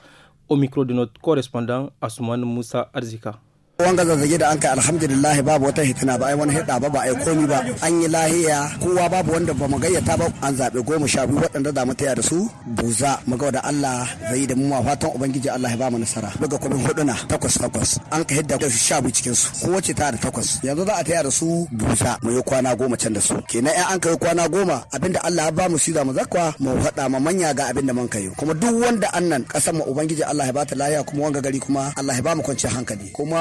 au micro de notre correspondant Asman Moussa Arzika. wanga zazzage da an kai alhamdulillah babu wata hitina ba ai wani hida ba ba ai komi ba an yi lahiya kowa babu wanda ba magayyata gayyata ba an zabe goma sha biyu waɗanda za mu taya da su buza mu da Allah zai da mu fatan ubangiji Allah ya ba mu nasara daga kudin huduna takwas takwas an ka hidda sha biyu cikin su kowace ta da takwas yanzu za a taya da su buza mu yi kwana goma can da su kenan ai an kai kwana goma abinda Allah ya ba mu shi za mu zakwa mu faɗa ma manya ga abinda man kai kuma duk wanda annan kasan mu ubangiji Allah ya ba ta lahiya kuma wanga gari kuma Allah ya ba mu kwanciyar hankali kuma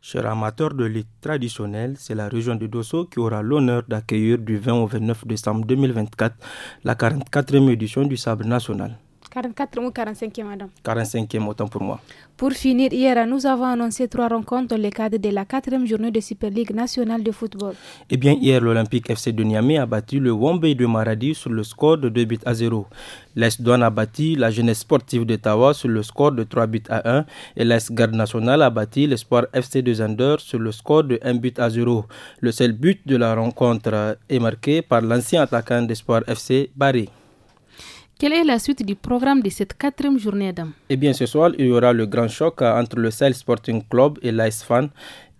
Chers amateurs de lutte traditionnelle, c'est la région de Dosso qui aura l'honneur d'accueillir du 20 au 29 décembre 2024 la 44e édition du Sabre national. 44 ou 45e, madame 45e, autant pour moi. Pour finir, hier, nous avons annoncé trois rencontres dans le cadre de la quatrième journée de Super League nationale de football. Eh bien, hier, l'Olympique FC de Niamey a battu le Wombe de Maradi sur le score de 2 buts à 0. L'Est Douane a battu la Jeunesse sportive d'Ottawa sur le score de 3 buts à 1 et l'Est Garde nationale a battu l'Espoir FC de Zander sur le score de 1 but à 0. Le seul but de la rencontre est marqué par l'ancien attaquant d'Espoir FC, Barry. Quelle est la suite du programme de cette quatrième journée, Adam Eh bien, ce soir, il y aura le grand choc euh, entre le Sale Sporting Club et l'Ice Fan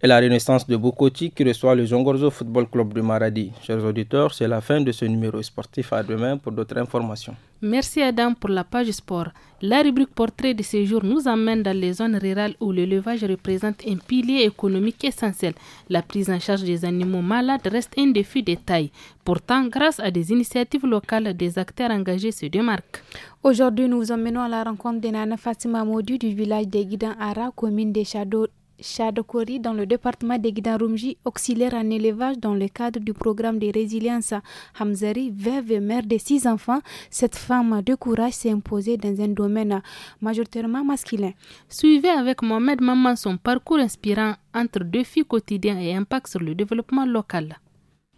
et la renaissance de Bokoti qui reçoit le Jongorzo Football Club de Maradi. Chers auditeurs, c'est la fin de ce numéro sportif. À demain pour d'autres informations. Merci Adam pour la page sport. La rubrique portrait de ce jour nous emmène dans les zones rurales où l'élevage représente un pilier économique essentiel. La prise en charge des animaux malades reste un défi de taille. Pourtant, grâce à des initiatives locales, des acteurs engagés se démarquent. Aujourd'hui, nous vous emmenons à la rencontre de Nana Fatima Modu du village de Guidans Ara, commune des Chadeaux Chadokori dans le département des Guidarumji, auxiliaire en élevage dans le cadre du programme de résilience. Hamzari, veuve et mère de six enfants, cette femme de courage s'est imposée dans un domaine majoritairement masculin. Suivez avec Mohamed Maman son parcours inspirant entre défis quotidiens et impact sur le développement local.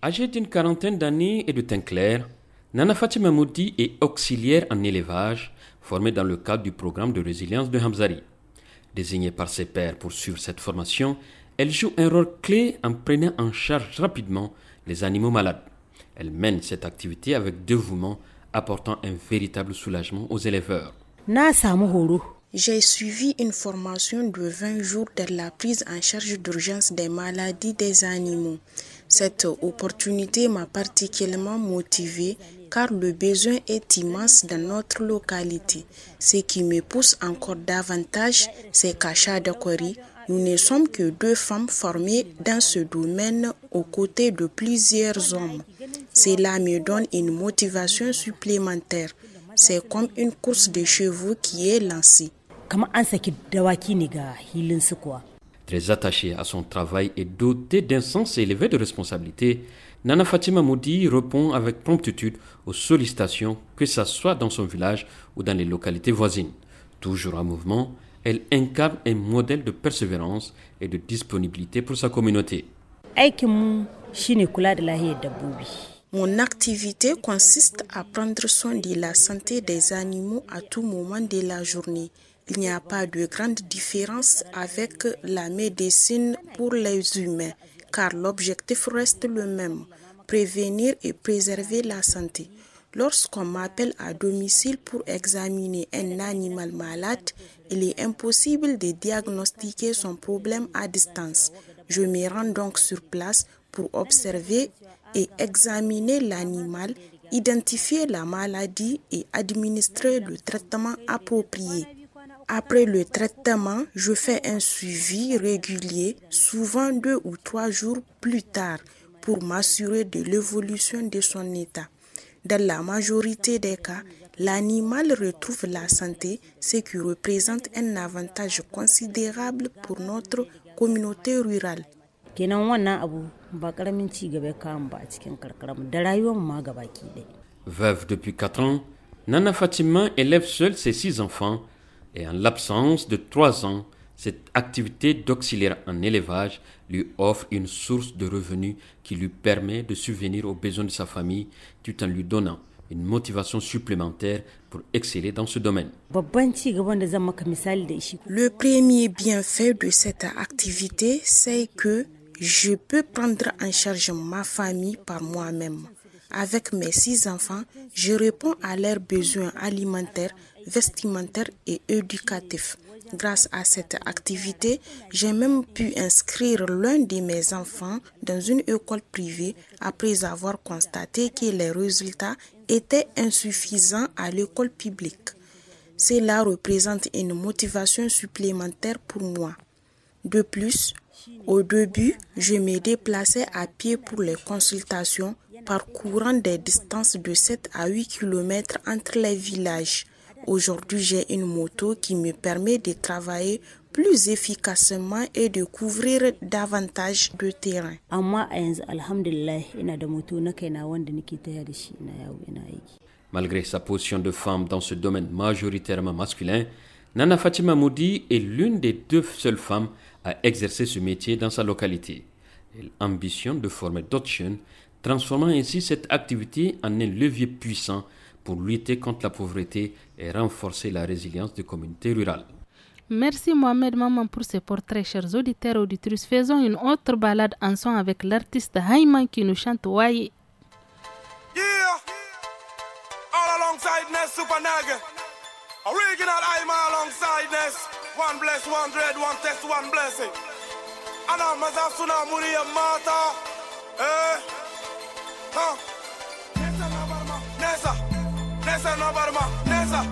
Âgée d'une quarantaine d'années et de teint clair, Nana Fatima Moudi est auxiliaire en élevage, formée dans le cadre du programme de résilience de Hamzari. Désignée par ses pairs pour suivre cette formation, elle joue un rôle clé en prenant en charge rapidement les animaux malades. Elle mène cette activité avec dévouement, apportant un véritable soulagement aux éleveurs. J'ai suivi une formation de 20 jours de la prise en charge d'urgence des maladies des animaux. Cette opportunité m'a particulièrement motivée car le besoin est immense dans notre localité. Ce qui me pousse encore davantage, c'est qu'à Dakori. nous ne sommes que deux femmes formées dans ce domaine aux côtés de plusieurs hommes. Cela me donne une motivation supplémentaire. C'est comme une course de chevaux qui est lancée. Très attachée à son travail et dotée d'un sens élevé de responsabilité, Nana Fatima Moudi répond avec promptitude aux sollicitations, que ce soit dans son village ou dans les localités voisines. Toujours en mouvement, elle incarne un modèle de persévérance et de disponibilité pour sa communauté. Mon activité consiste à prendre soin de la santé des animaux à tout moment de la journée. Il n'y a pas de grande différence avec la médecine pour les humains, car l'objectif reste le même, prévenir et préserver la santé. Lorsqu'on m'appelle à domicile pour examiner un animal malade, il est impossible de diagnostiquer son problème à distance. Je me rends donc sur place pour observer et examiner l'animal, identifier la maladie et administrer le traitement approprié. Après le traitement, je fais un suivi régulier, souvent deux ou trois jours plus tard, pour m'assurer de l'évolution de son état. Dans la majorité des cas, l'animal retrouve la santé, ce qui représente un avantage considérable pour notre communauté rurale. Veuve depuis quatre ans, Nana Fatima élève seule ses six enfants et en l'absence de trois ans, cette activité d'auxiliaire en élevage lui offre une source de revenus qui lui permet de subvenir aux besoins de sa famille tout en lui donnant une motivation supplémentaire pour exceller dans ce domaine. Le premier bienfait de cette activité, c'est que je peux prendre en charge ma famille par moi-même. Avec mes six enfants, je réponds à leurs besoins alimentaires vestimentaire et éducatif. Grâce à cette activité, j'ai même pu inscrire l'un de mes enfants dans une école privée après avoir constaté que les résultats étaient insuffisants à l'école publique. Cela représente une motivation supplémentaire pour moi. De plus, au début, je me déplaçais à pied pour les consultations, parcourant des distances de 7 à 8 km entre les villages. Aujourd'hui, j'ai une moto qui me permet de travailler plus efficacement et de couvrir davantage de terrain. Malgré sa position de femme dans ce domaine majoritairement masculin, Nana Fatima Moudi est l'une des deux seules femmes à exercer ce métier dans sa localité. Elle ambitionne de former d'autres jeunes, transformant ainsi cette activité en un levier puissant lutter contre la pauvreté et renforcer la résilience des communautés rurales. Merci Mohamed Maman pour ces portraits, chers auditeurs et auditrices. Faisons une autre balade en son avec l'artiste Haïman qui nous chante Waye. nessa não barma, nessa,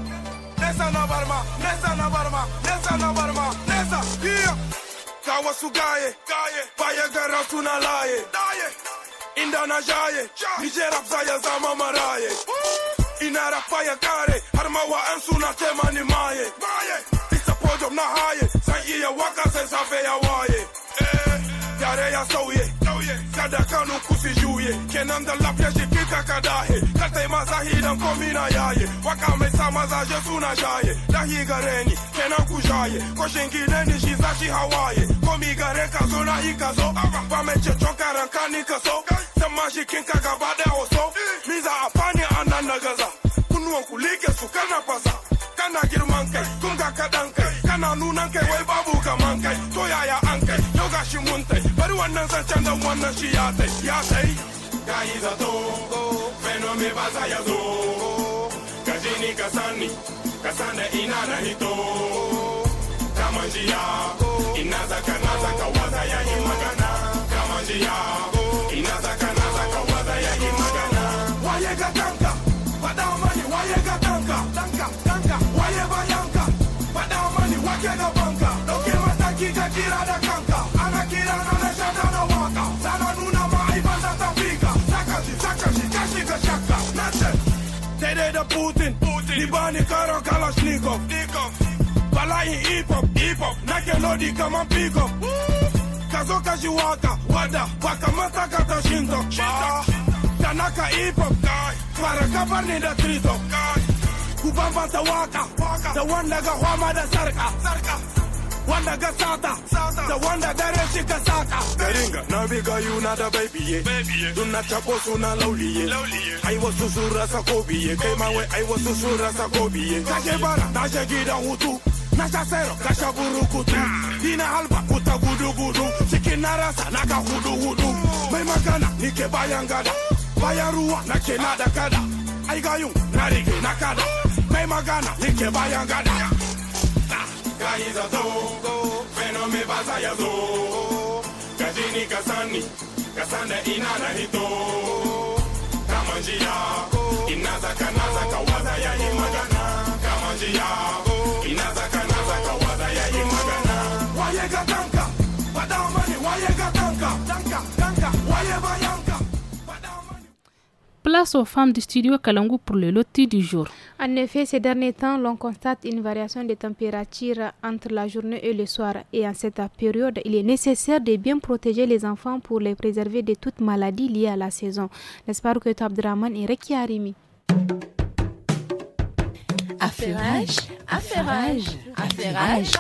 nessa não barma, nessa não barma, nessa não barma, nessa, yeah. Kawasugaye, gaye, paye garasu na laye, daye, indana jaye, nigera faya zama maraye, inara paya kare, wa ansu na tema ni maye, tisa pojom na haye, san iya waka sai safe ya waye, eh, yare ya sauye, kada kanu kusijuje, kenan da lafiya kakadahe katai mazahi dan na yaye waka mai sa na suna shaye dahi gare ni kenan ku shaye shi za shi hawaye komi gare ka zo na yi ka zo ba mai cecon karan ka ni ka so hoso ni za a fani a nan na gaza kana fasa kana girman kana nunan kai wai babu kaman kai to yaya an kai yau gashi mun bari wannan zancen wannan shi ya tai ya maza ya zo kajini kasani kasana ina hito kama njia inazaka nazaka waza ya imagana kama njia inazaka nazaka waza ya imagana waye gatanka padamani waye gatanka tanka tanka waye bayanka padamani wake na banka doke mataki kakira da kanka Anakira. kirana Nothing. Nace, Tede da Putin, Putin, Libani Karo Kalashnikov, Nikov, Balai Hip Hop, Hip Hop, Nake Lodi Kaman Pico, Kazoka Jiwaka, Wada, mata Kata Shinto, Tanaka Hip Hop, Twarakapa da Trito, Kubamba Tawaka, The one Naga huama da Sarka, Sarka wanda ga the wanda dare shi ka saka na biga yuna da baibiye dun na tabo suna lauliye ai wasu sun rasa ko biye kai ma wai ai wasu sun rasa ko biye bara na shi hutu na sha sero ka sha burukutu ah. ina halba kuta gudu gudu cikin na rasa na ka hudu hudu oh. mai magana nike ke bayan na ke na da kada ai gayun na rike na kada oh. mai magana ni ke Gayiza zo, fenome basaya zo, kajini kasani, kasanda inana hito, kama njia, inaza kanaza kawaza ya imagana, kama njia, aux femmes du studio Kalangu pour le loti du jour. En effet, ces derniers temps, l'on constate une variation de températures entre la journée et le soir. Et en cette période, il est nécessaire de bien protéger les enfants pour les préserver de toute maladie liée à la saison. pas que Tabdraman et Reki Arimi. affairage, affairage.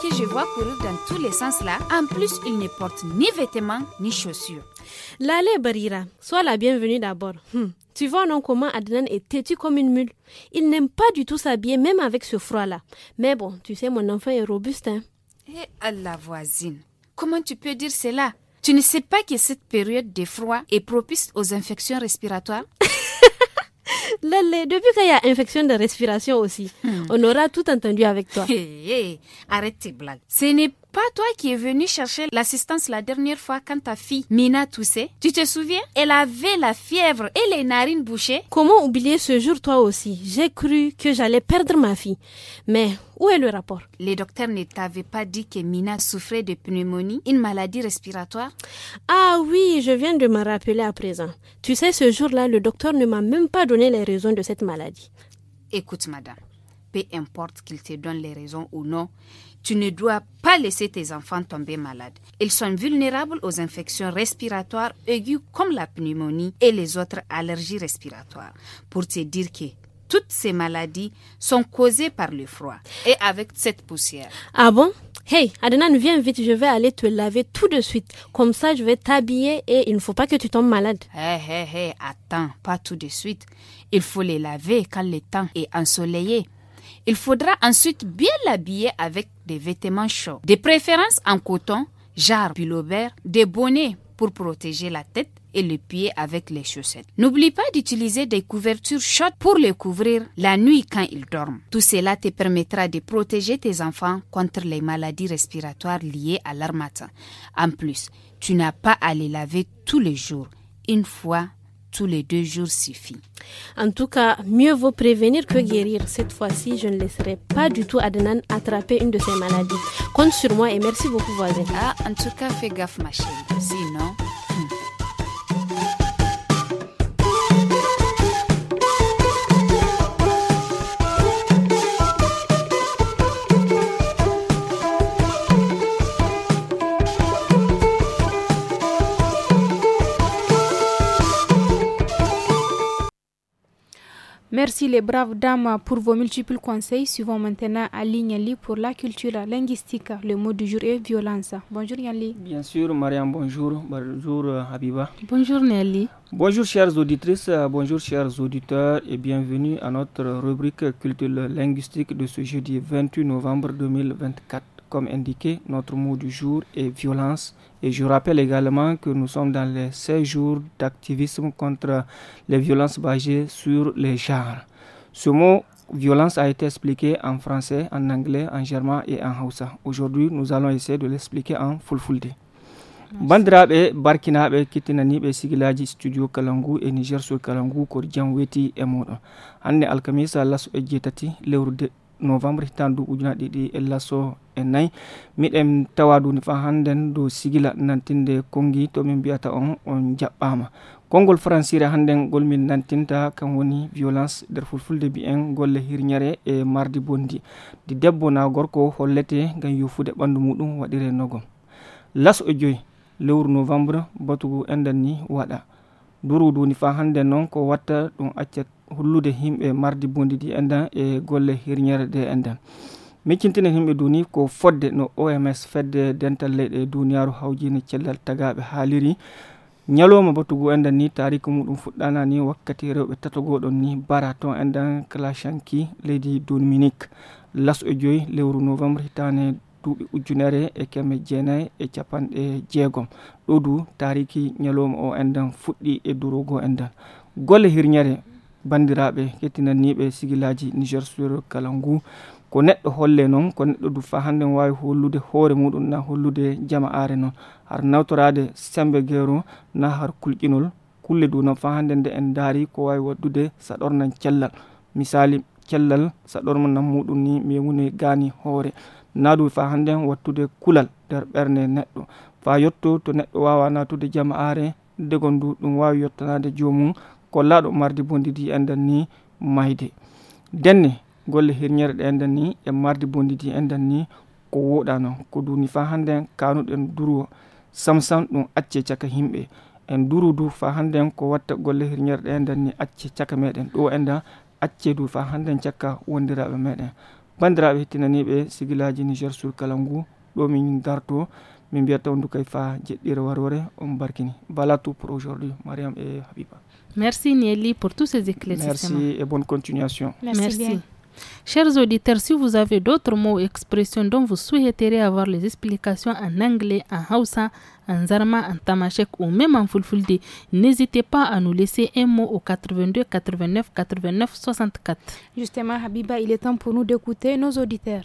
que je vois courir dans tous les sens là, en plus, il ne porte ni vêtements ni chaussures. L'allée Barira, sois la bienvenue d'abord. Hmm. Tu vois non comment Adnan est têtu comme une mule. Il n'aime pas du tout s'habiller, même avec ce froid-là. Mais bon, tu sais, mon enfant est robuste. Hein. Et eh, à la voisine, comment tu peux dire cela Tu ne sais pas que cette période de froid est propice aux infections respiratoires Lele, depuis qu'il y a infection de respiration aussi, hmm. on aura tout entendu avec toi. arrête tes blagues. Pas toi qui es venu chercher l'assistance la dernière fois quand ta fille Mina toussait. Tu te souviens Elle avait la fièvre et les narines bouchées. Comment oublier ce jour toi aussi J'ai cru que j'allais perdre ma fille. Mais où est le rapport Les docteurs ne t'avaient pas dit que Mina souffrait de pneumonie, une maladie respiratoire Ah oui, je viens de me rappeler à présent. Tu sais, ce jour-là, le docteur ne m'a même pas donné les raisons de cette maladie. Écoute, madame, peu importe qu'il te donne les raisons ou non, tu ne dois laisser tes enfants tomber malades. Ils sont vulnérables aux infections respiratoires aiguës comme la pneumonie et les autres allergies respiratoires. Pour te dire que toutes ces maladies sont causées par le froid et avec cette poussière. Ah bon Hey, Adnan, viens vite, je vais aller te laver tout de suite. Comme ça, je vais t'habiller et il ne faut pas que tu tombes malade. Hé, hey, hé, hey, hey, attends, pas tout de suite. Il faut les laver quand le temps est ensoleillé. Il faudra ensuite bien l'habiller avec des vêtements chauds, de préférence en coton, jarre, pullover, des bonnets pour protéger la tête et les pieds avec les chaussettes. N'oublie pas d'utiliser des couvertures chaudes pour les couvrir la nuit quand ils dorment. Tout cela te permettra de protéger tes enfants contre les maladies respiratoires liées à matin. En plus, tu n'as pas à les laver tous les jours, une fois tous les deux jours suffit. En tout cas, mieux vaut prévenir que guérir. Cette fois-ci, je ne laisserai pas du tout Adnan attraper une de ses maladies. Compte sur moi et merci beaucoup, voisin. Ah, en tout cas, fais gaffe, ma chérie. Sinon, Merci les braves dames pour vos multiples conseils. Suivons maintenant à Yanli pour la culture linguistique. Le mot du jour est violence. Bonjour Yanli. Bien sûr, Mariam. bonjour. Bonjour Habiba. Bonjour Niali. Bonjour chères auditrices, bonjour chers auditeurs et bienvenue à notre rubrique culture linguistique de ce jeudi 28 novembre 2024. Comme indiqué, notre mot du jour est violence et je rappelle également que nous sommes dans les 16 jours d'activisme contre les violences basées sur les genres. Ce mot violence a été expliqué en français, en anglais, en germain et en hausa. Aujourd'hui, nous allons essayer de l'expliquer en fulfulde. Bandrabe barkinaɓe be sigilaji studio kalangu e niger sur kalangu ko weti e muɗum hande alkamisa lasu e jeetati lewru novembre hitande ujuna ɗiɗi e lasso e nayyi miɗen tawa duni fa hannden dow sigila nantinde kongi to min mbiyata on on jaɓɓama konngol francire hannden gol min nantinta kan woni violence nder fulfulde mbi'en golle hirñere e mardi bondi di debbo na gorko hollete ngam yufude ɓanndu muɗum waɗire nogom laso e joyi lewru novembre batugu enɗen ni waɗa duru duni fa hannden noon ko watta ɗum accat hullude himɓe mardi bondi ɗi enden e golle hirñere ɗe enden miccintinen himɓe duni ko fodde no oms fedde dental leyɗe duniyaru hawjine cellal tagaɓe haaliri ñalowma batugo enɗen ni tarikum muɗum fuɗɗana ni wakkati rewɓe tatogoɗon ni bara ton enɗen clashanki leydi dominique las e joyi lewru novembre hitane duuɓi ujunere e keme jeenayi e capanɗe jeegom ɗo du tariki ñalowma o endan fuɗɗi e durogo endan. golle hirñere bandiraɓe kettinaniɓe sigilaji niger sur kala ngu ko neɗɗo holle noon ko neɗɗo dufa hande n wawi hollude hoore muɗum na hollude jama are noon har nawtorade sembe guero na har kulƴinol kulle du noon fa hande nde en daari ko wawi waddude saɗornan cellal misali cellal saɗornan muɗum ni miwune gani hoore nadu fa hande wattude kulal nder ɓerde neɗɗo fa yetto to neɗɗo wawa natude jama are degon du ɗum wawi yettanade jomum Collado mardi bondidi enɗen ni mayde denne golle hirñere ɗe enɗen ni e mardi bondidi enɗen ni ko woɗano ko duni fa hannden kanuɗen duro samsam ɗum acce caka himɓe en duru du fa hannden ko watta golle hirñere ɗe enɗen ni acce caka meɗen ɗo enɗen acce du fa hannden cakka wondiraɓe meɗen bandiraɓe hettinaniɓe sigilaji niger sur kala ngu ɗo min darto min mbiyata du kay fa jeɗɗira on barkini voilà tout pour aujourd'hui mariam et habiba Merci Nieli pour tous ces éclaircissements. Merci et bonne continuation. Merci. Chers auditeurs, si vous avez d'autres mots ou expressions dont vous souhaiterez avoir les explications en anglais, en hausa, en zarma, en tamashek ou même en fulfulde, n'hésitez pas à nous laisser un mot au 82 89 89 64. Justement, Habiba, il est temps pour nous d'écouter nos auditeurs.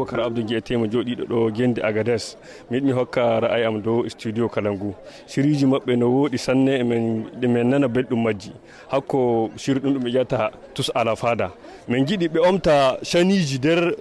abubakar abdou guete mo joɗiɗo ɗo gende agades mi yiɗi mi hokka ra'ayi am dow studio kala ngu siriji mabɓe no woɗi sanne emen ɗumen e nana belɗum majji hakko siri ɗum ɗum ɓe ƴetta tous ala fada min jiɗi ɓe omta chaniji nder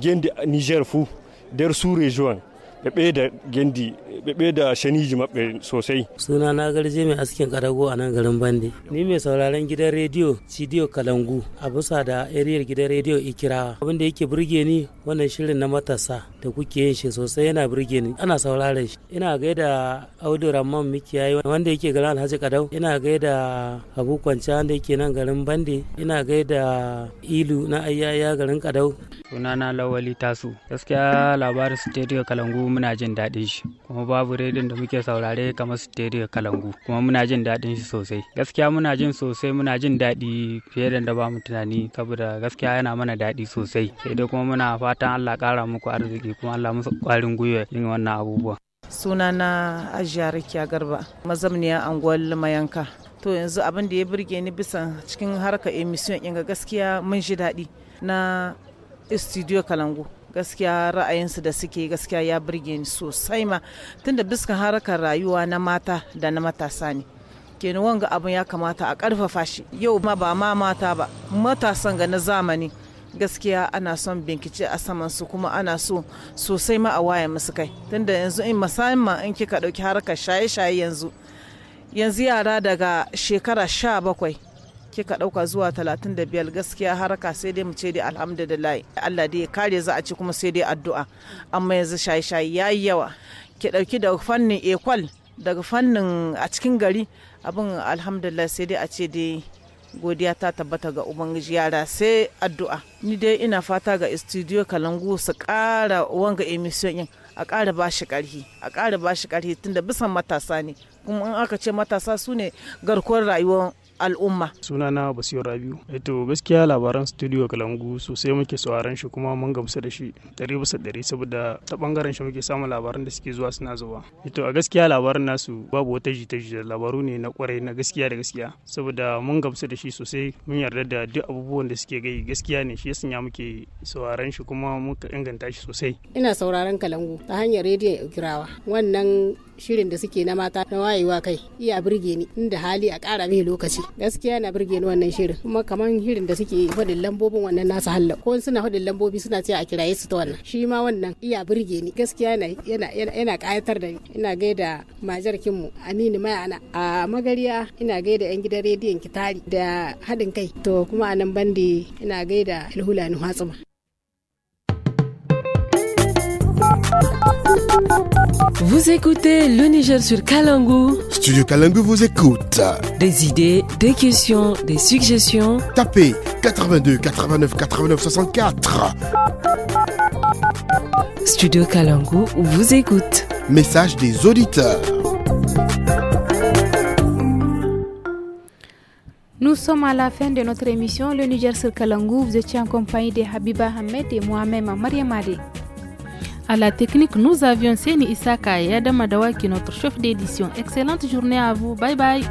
gende niger fou nder sous région ɓe ɓeyda gendi bebe da shaniji jimaɓe sosai. Suna na garje mai askin karago a nan garin Bande. Ni mai sauraron gidan rediyo Cidiyo Kalangu a bisa da ariyar gidan rediyo Ikirawa. Abin da yake burge ni wannan shirin na matasa da kuke yin shi sosai yana burge ni. Ana sauraron shi. Ina gaida Audu Ramman yayi wanda yake garin Alhaji Kadau. Ina gaida Abu Kwanciya wanda yake nan garin Bande. Ina gaida Ilu na ayaya garin Kadau. Sunana Lawali Tasu. Gaskiya labarin Cidiyo Kalangu muna jin daɗin shi. babu redon da muke saurare kamar stereo kalangu kuma muna jin daɗin shi sosai gaskiya muna jin sosai muna jin daɗi fiye da ba mu tunani saboda gaskiya yana mana daɗi sosai sai dai kuma muna fatan Allah ƙara muku arziki kuma Allah musu ƙwarin gwiwa yin wannan abubuwa sunana ajiya rakiya garba mazamniyar anguwar mayanka to yanzu abin da ya burge ni bisa cikin harka emission ɗin gaskiya mun shi daɗi na studio kalangu gaskiya ra'ayinsu da suke gaskiya ya burge ni sosai ma tunda biskan harkar rayuwa na mata da na matasa ne kenan wanga abin ya kamata a karfafa shi yau ma ba ma mata ba matasan ga na zamani gaskiya ana son binkice a saman su kuma ana so sosai ma a waye musu kai tunda yanzu in musamman in kika ɗauki harkar shaye-shaye yanzu yanzu yara daga shekara sha bakwai kika ɗauka zuwa talatin da 35 gaskiya haraka sai dai mu ce dai alhamdulillah Allah dai ya kare za a ci kuma sai dai addu'a amma yanzu shayi ya yi yawa ki dauki da fannin ekwal daga fannin a cikin gari abin alhamdulillah sai dai a ce dai godiya ta tabbata ga ubangiji yara sai addu'a ni dai ina fata ga studio kalangu su ƙara wanga emission din a ƙara ba shi ƙarfi a ƙara ba shi ƙarfi tunda bisan matasa ne kuma in aka ce matasa su ne garkuwar rayuwar al'umma sunana Basiru rabiu Eto eh gaskiya labaran studio kalangu sosai muke sauraron shi kuma mun gamsu da shi dari bisa dari saboda ta bangaren shi muke samun labaran da suke zuwa suna zuwa Eto eh a gaskiya labaran nasu babu wata jita jita labaru ne na kwarai na gaskiya da gaskiya saboda mun gamsu da shi sosai mun yarda da duk abubuwan da suke gai gaskiya ne shi ya sanya muke sauraron shi kuma muka inganta shi sosai ina sauraron kalangu ta hanyar rediyon igirawa wannan shirin da suke na mata na wayewa kai iya birge ni inda hali a kara mai lokaci gaskiya na birge ni wannan shirin kuma kamar shirin da suke hudin lambobin wannan nasu halla ko suna faɗin lambobi suna cewa a kiraye su ta wannan shi ma wannan iya birge ni gaskiya yana yana ƙayatar da ni ina gaida majar kinmu Aminu Mayana a Magariya ina gaida yan gidan rediyon Kitari da haɗin kai to kuma a nan bandi ina gaida Alhulani Hatsuma Vous écoutez le Niger sur Kalangu. Studio Kalangu vous écoute. Des idées, des questions, des suggestions. Tapez 82 89 89 64. Studio Kalangu vous écoute. Message des auditeurs. Nous sommes à la fin de notre émission Le Niger sur Kalangu. Vous étiez en compagnie de Habiba Ahmed et moi-même Maria Marie. À la technique, nous avions Seni Isaka et Adam Adawa qui notre chef d'édition. Excellente journée à vous. Bye bye.